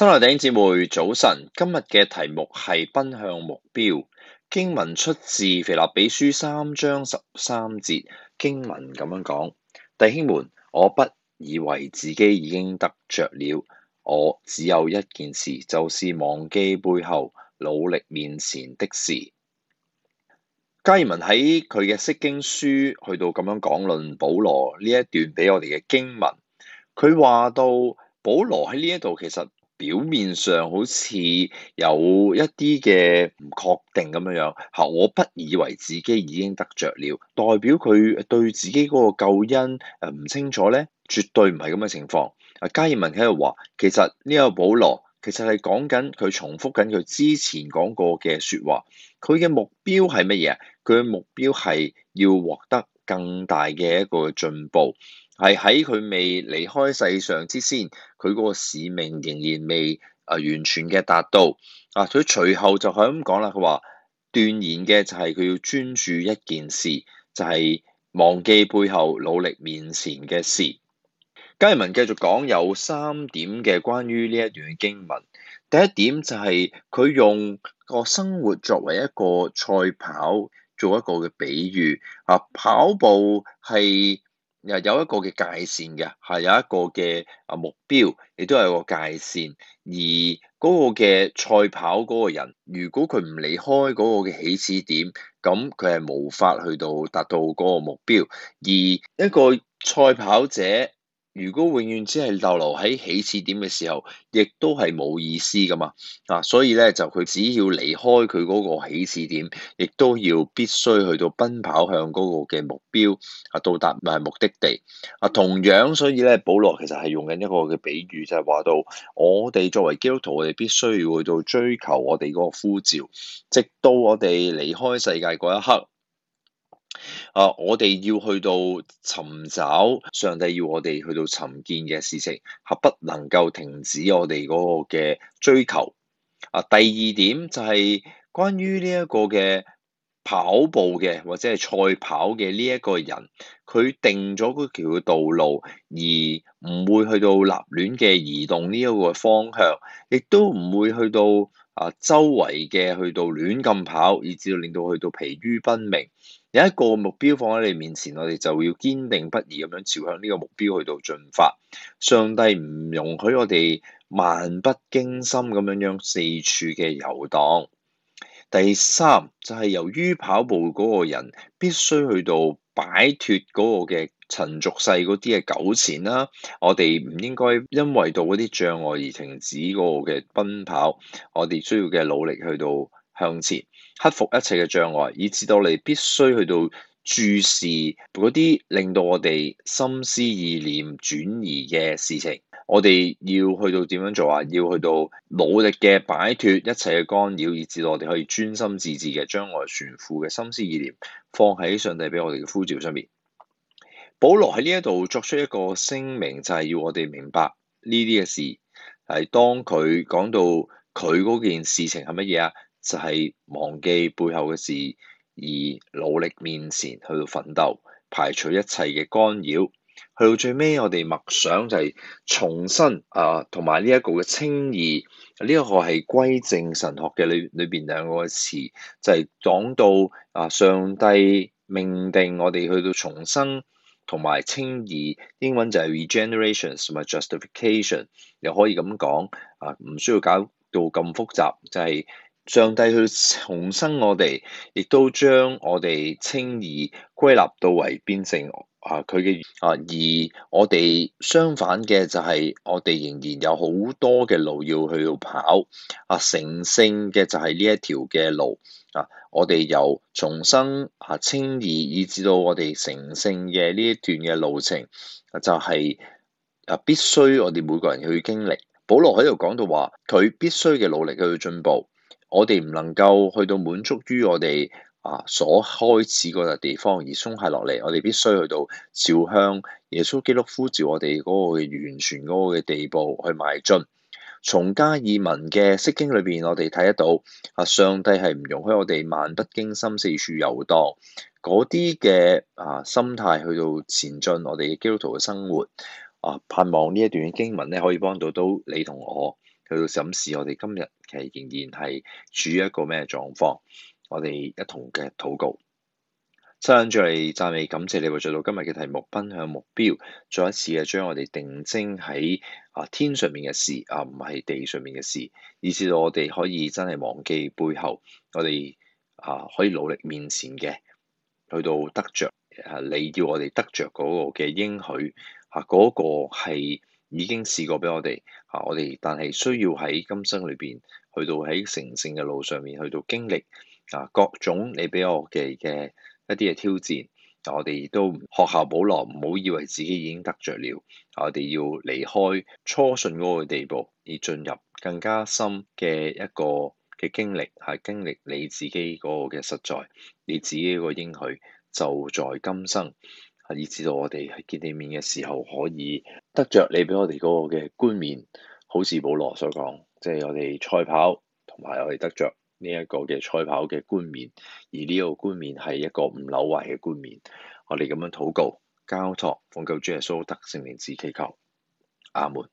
新來弟兄姐妹早晨，今日嘅題目係奔向目標。經文出自《腓立比書》三章十三節，經文咁樣講：弟兄們，我不以為自己已經得着了，我只有一件事，就是忘記背後，努力面前的事。加爾文喺佢嘅釋經書去到咁樣講論保羅呢一段俾我哋嘅經文，佢話到保羅喺呢一度其實。表面上好似有一啲嘅唔確定咁樣樣，係我不以為自己已經得着了，代表佢對自己嗰個救恩誒唔清楚咧？絕對唔係咁嘅情況。啊，加爾文喺度話，其實呢個保羅其實係講緊佢，重複緊佢之前講過嘅説話，佢嘅目標係乜嘢？佢嘅目標係要獲得更大嘅一個進步。係喺佢未離開世上之先，佢嗰個使命仍然未啊完全嘅達到啊！所以隨後就係咁講啦，佢話斷言嘅就係佢要專注一件事，就係、是、忘記背後努力面前嘅事。加爾文繼續講有三點嘅關於呢一段經文。第一點就係佢用個生活作為一個賽跑做一個嘅比喻啊，跑步係。又有一個嘅界線嘅，係有一個嘅啊目標，亦都係一個界線。而嗰個嘅賽跑嗰個人，如果佢唔離開嗰個嘅起始點，咁佢係無法去到達到嗰個目標。而一個賽跑者。如果永遠只係逗留喺起始點嘅時候，亦都係冇意思噶嘛啊，所以咧就佢只要離開佢嗰個起始點，亦都要必須去到奔跑向嗰個嘅目標啊，到達埋目的地啊，同樣所以咧，保羅其實係用緊一個嘅比喻，就係話到我哋作為基督徒，我哋必須要去到追求我哋嗰個呼召，直到我哋離開世界嗰一刻。啊！Uh, 我哋要去到尋找上帝，要我哋去到尋見嘅事情，係不能夠停止我哋嗰個嘅追求。啊，uh，第二點就係關於呢一個嘅跑步嘅或者係賽跑嘅呢一個人，佢定咗嗰條道路，而唔會去到立亂嘅移動呢一個方向，亦都唔會去到啊周圍嘅去到亂咁跑，以至令到去到疲於奔命。有一個目標放喺你面前，我哋就要堅定不移咁樣朝向呢個目標去到進發。上帝唔容許我哋漫不經心咁樣樣四處嘅遊蕩。第三就係由於跑步嗰個人必須去到擺脱嗰個嘅塵俗世嗰啲嘅糾纏啦，我哋唔應該因為到嗰啲障礙而停止嗰個嘅奔跑。我哋需要嘅努力去到。向前克服一切嘅障礙，以至到你必須去到注視嗰啲令到我哋心思意念轉移嘅事情。我哋要去到點樣做啊？要去到努力嘅擺脫一切嘅干擾，以至到我哋可以專心致志嘅將我哋全副嘅心思意念放喺上帝俾我哋嘅呼召上面。保羅喺呢一度作出一個聲明，就係要我哋明白呢啲嘅事。係當佢講到佢嗰件事情係乜嘢啊？就係忘記背後嘅事，而努力面前去到奮鬥，排除一切嘅干擾，去到最尾我哋默想就係重生啊，同埋呢一個嘅稱義，呢、這、一個係歸正神學嘅裏裏邊兩個詞，就係、是、講到啊上帝命定我哋去到重生同埋稱義，英文就係 regenerations 同埋 justification，又可以咁講啊，唔需要搞到咁複雜，就係、是。上帝去重生我哋，亦都將我哋稱義歸納到為變成啊佢嘅啊，而我哋相反嘅就係我哋仍然有好多嘅路要去到跑啊，成聖嘅就係呢一條嘅路啊。我哋由重生啊稱義以至到我哋成聖嘅呢一段嘅路程，啊、就係、是、啊必須我哋每個人去經歷，保羅喺度講到話，佢必須嘅努力去進步。我哋唔能夠去到滿足於我哋啊所開始嗰笪地方而鬆懈落嚟，我哋必須去到朝向耶穌基督呼召我哋嗰個完全嗰個嘅地步去邁進。從加爾文嘅釋經裏邊，我哋睇得到啊，上帝係唔容許我哋漫不經心、四處遊蕩嗰啲嘅啊心態去到前進我哋嘅基督徒嘅生活啊。盼望呢一段經文咧，可以幫到到你同我。去到審視我哋今日其實仍然係處於一個咩狀況？我哋一同嘅禱告，相聚，讚美感謝你，會做到今日嘅題目奔向目標，再一次嘅將我哋定睛喺啊天上面嘅事啊，唔係地上面嘅事，以至到我哋可以真係忘記背後，我哋啊可以努力面前嘅，去到得着，啊你要我哋得著嗰個嘅應許，嚇、那、嗰個係。已經試過俾我哋，啊，我哋但係需要喺今生裏邊，去到喺成聖嘅路上面，去到，去到經歷啊各種你俾我嘅嘅一啲嘅挑戰，啊、我哋都學下保羅，唔好以為自己已經得著了，啊、我哋要離開初信嗰個地步，而進入更加深嘅一個嘅經歷，係、啊、經歷你自己嗰個嘅實在，你自己個應許就在今生。以至到我哋喺見面嘅時候，可以得着你俾我哋嗰個嘅冠冕，好似保羅所講，即係我哋賽跑同埋我哋得着呢一個嘅賽跑嘅冠冕，而呢個冠冕係一個唔朽壞嘅冠冕。我哋咁樣禱告、交託、奉救主耶穌得勝名字祈求，阿門。